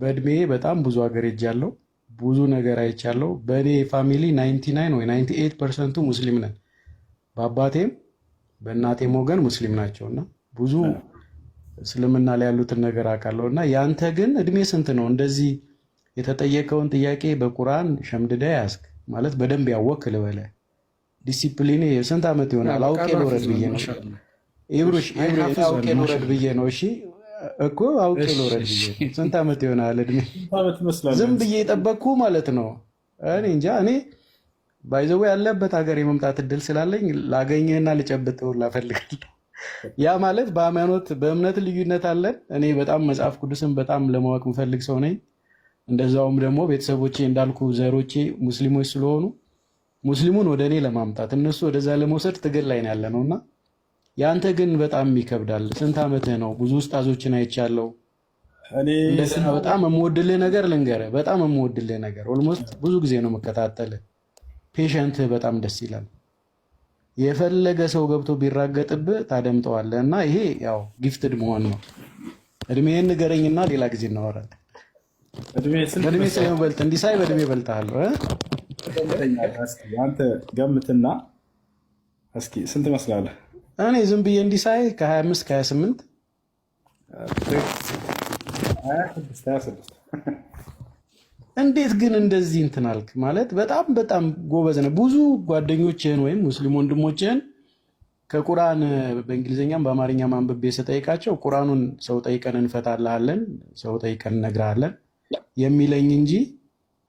በእድሜ በጣም ብዙ ሀገር ሄጃለሁ። ብዙ ነገር አይቻለሁ። በእኔ ፋሚሊ ናይንቲ ወይ ናይንቲ ፐርሰንቱ ሙስሊም ነን። በአባቴም በእናቴም ወገን ሙስሊም ናቸው እና ብዙ እስልምና ላይ ያሉትን ነገር አውቃለሁ። እና ያንተ ግን እድሜ ስንት ነው? እንደዚህ የተጠየቀውን ጥያቄ በቁርአን ሸምድዳ ያስክ ማለት በደንብ ያወክ ልበለ ዲሲፕሊን ስንት ዓመት ይሆናል? አውቄ ልውረድ ብዬ ነው። ኢብሩሽ አውቄ ልውረድ ብዬ ነው። እሺ እኮ አውቄ ኖረ ስንት ዓመት ይሆናል? እድሜ ዝም ብዬ የጠበቅኩ ማለት ነው። እኔ እንጃ እኔ ባይዘዌ ያለበት ሀገር የመምጣት እድል ስላለኝ ላገኘህና ልጨብጥህ ሁላ ያ ማለት በሃይማኖት በእምነት ልዩነት አለን። እኔ በጣም መጽሐፍ ቅዱስን በጣም ለማወቅ ምፈልግ ሰው ነኝ። እንደዛውም ደግሞ ቤተሰቦቼ እንዳልኩ ዘሮቼ ሙስሊሞች ስለሆኑ ሙስሊሙን ወደ እኔ ለማምጣት እነሱ ወደዛ ለመውሰድ ትግል ላይ ያለ ነው እና የአንተ ግን በጣም ይከብዳል። ስንት ዓመትህ ነው? ብዙ ውስጣዞችን አይቻለው። እንደስና በጣም የምወድልህ ነገር ልንገርህ፣ በጣም የምወድልህ ነገር ኦልሞስት ብዙ ጊዜ ነው የምከታተልህ። ፔሸንትህ በጣም ደስ ይላል። የፈለገ ሰው ገብቶ ቢራገጥብህ ታደምጠዋለህ። እና ይሄ ያው ጊፍትድ መሆን ነው። እድሜህን ንገረኝና ሌላ ጊዜ እናወራለን። በእድሜ ስለምበልጥ እንዲህ ሳይ በእድሜ እበልጥሃለሁ። ገምትና እስኪ ስንት ይመስላለህ? እኔ ዝም ብዬ እንዲሳይ ከ25 ከ28 እንዴት ግን እንደዚህ እንትን አልክ ማለት በጣም በጣም ጎበዝ ነው። ብዙ ጓደኞችህን ወይም ሙስሊም ወንድሞችህን ከቁርአን በእንግሊዝኛም በአማርኛ ማንበቤ ስጠይቃቸው ቁርአኑን ሰው ጠይቀን እንፈታልሃለን፣ ሰው ጠይቀን እነግርሃለን የሚለኝ እንጂ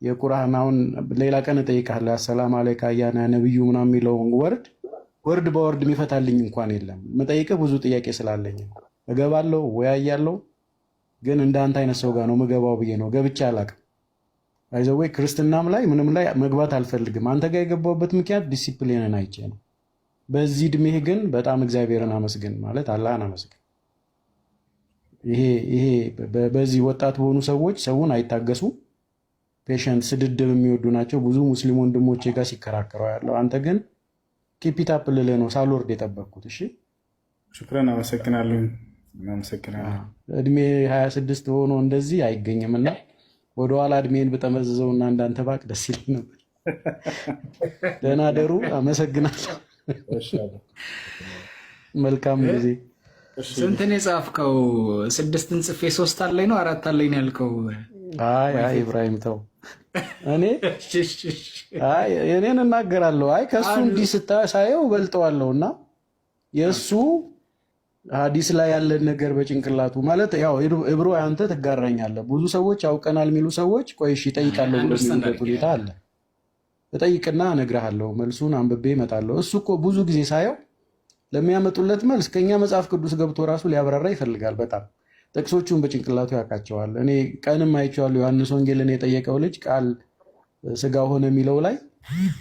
የቁርአን አሁን ሌላ ቀን እጠይቃለሁ አሰላም አለይካ ያ ነብዩ ምናምን የሚለውን ወርድ ወርድ በወርድ የሚፈታልኝ እንኳን የለም። መጠይቀ ብዙ ጥያቄ ስላለኝ እገባለሁ ወያያለሁ፣ ግን እንደ አንተ አይነት ሰው ጋር ነው ምገባው ብዬ ነው ገብቼ አላቅም። አይዘዌ ክርስትናም ላይ ምንም ላይ መግባት አልፈልግም። አንተ ጋር የገባሁበት ምክንያት ዲሲፕሊንን አይቼ ነው። በዚህ እድሜህ ግን በጣም እግዚአብሔርን አመስግን ማለት አላህን አመስግን። ይሄ ይሄ በዚህ ወጣት በሆኑ ሰዎች ሰውን አይታገሱ ፔሽንት ስድድብ የሚወዱ ናቸው። ብዙ ሙስሊም ወንድሞቼ ጋር ሲከራከረው ያለው አንተ ግን ኪፒታፕ ልልህ ነው ሳልወርድ የጠበቅኩት። እሺ ሽክረን አመሰግናለሁ። እድሜ 26 ሆኖ እንደዚህ አይገኝም እና ወደኋላ እድሜን ብጠመዝዘው እና እንዳንተ ባቅ ደስ ይለኝ ነበር። ደህና ደሩ። አመሰግናለሁ። መልካም ጊዜ። ስንትን የጻፍከው? ስድስትን ጽፌ ሶስት አለኝ ነው አራት አለኝ ያልከው? አይ አይ ኢብራሂም ተው። እኔ አይ እኔን እናገራለሁ። አይ ከሱ እንዲህ ስታሳየው በልጠዋለሁና የእሱ ሀዲስ ላይ ያለን ነገር በጭንቅላቱ ማለት ያው እብሮ አንተ ትጋራኛለህ። ብዙ ሰዎች ያውቀናል የሚሉ ሰዎች ቆይ እሺ እጠይቃለሁ የሚሉበት ሁኔታ አለ። እጠይቅና እነግርሃለሁ፣ መልሱን አንብቤ እመጣለሁ። እሱ እኮ ብዙ ጊዜ ሳየው ለሚያመጡለት መልስ ከኛ መጽሐፍ ቅዱስ ገብቶ ራሱ ሊያብራራ ይፈልጋል በጣም ጥቅሶቹን በጭንቅላቱ ያውቃቸዋል። እኔ ቀንም አይቼዋለሁ። ዮሐንስ ወንጌልን የጠየቀው ልጅ ቃል ስጋ ሆነ የሚለው ላይ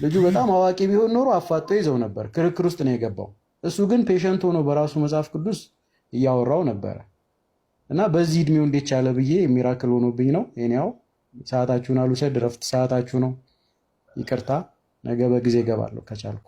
ልጁ በጣም አዋቂ ቢሆን ኖሮ አፋጦ ይዘው ነበር። ክርክር ውስጥ ነው የገባው። እሱ ግን ፔሸንት ሆኖ በራሱ መጽሐፍ ቅዱስ እያወራው ነበረ እና በዚህ እድሜው እንዴት ቻለ ብዬ የሚራክል ሆኖብኝ ነው። ያው ሰዓታችሁን አልውሰድ፣ እረፍት ሰዓታችሁ ነው። ይቅርታ፣ ነገ በጊዜ እገባለሁ ከቻልኩ።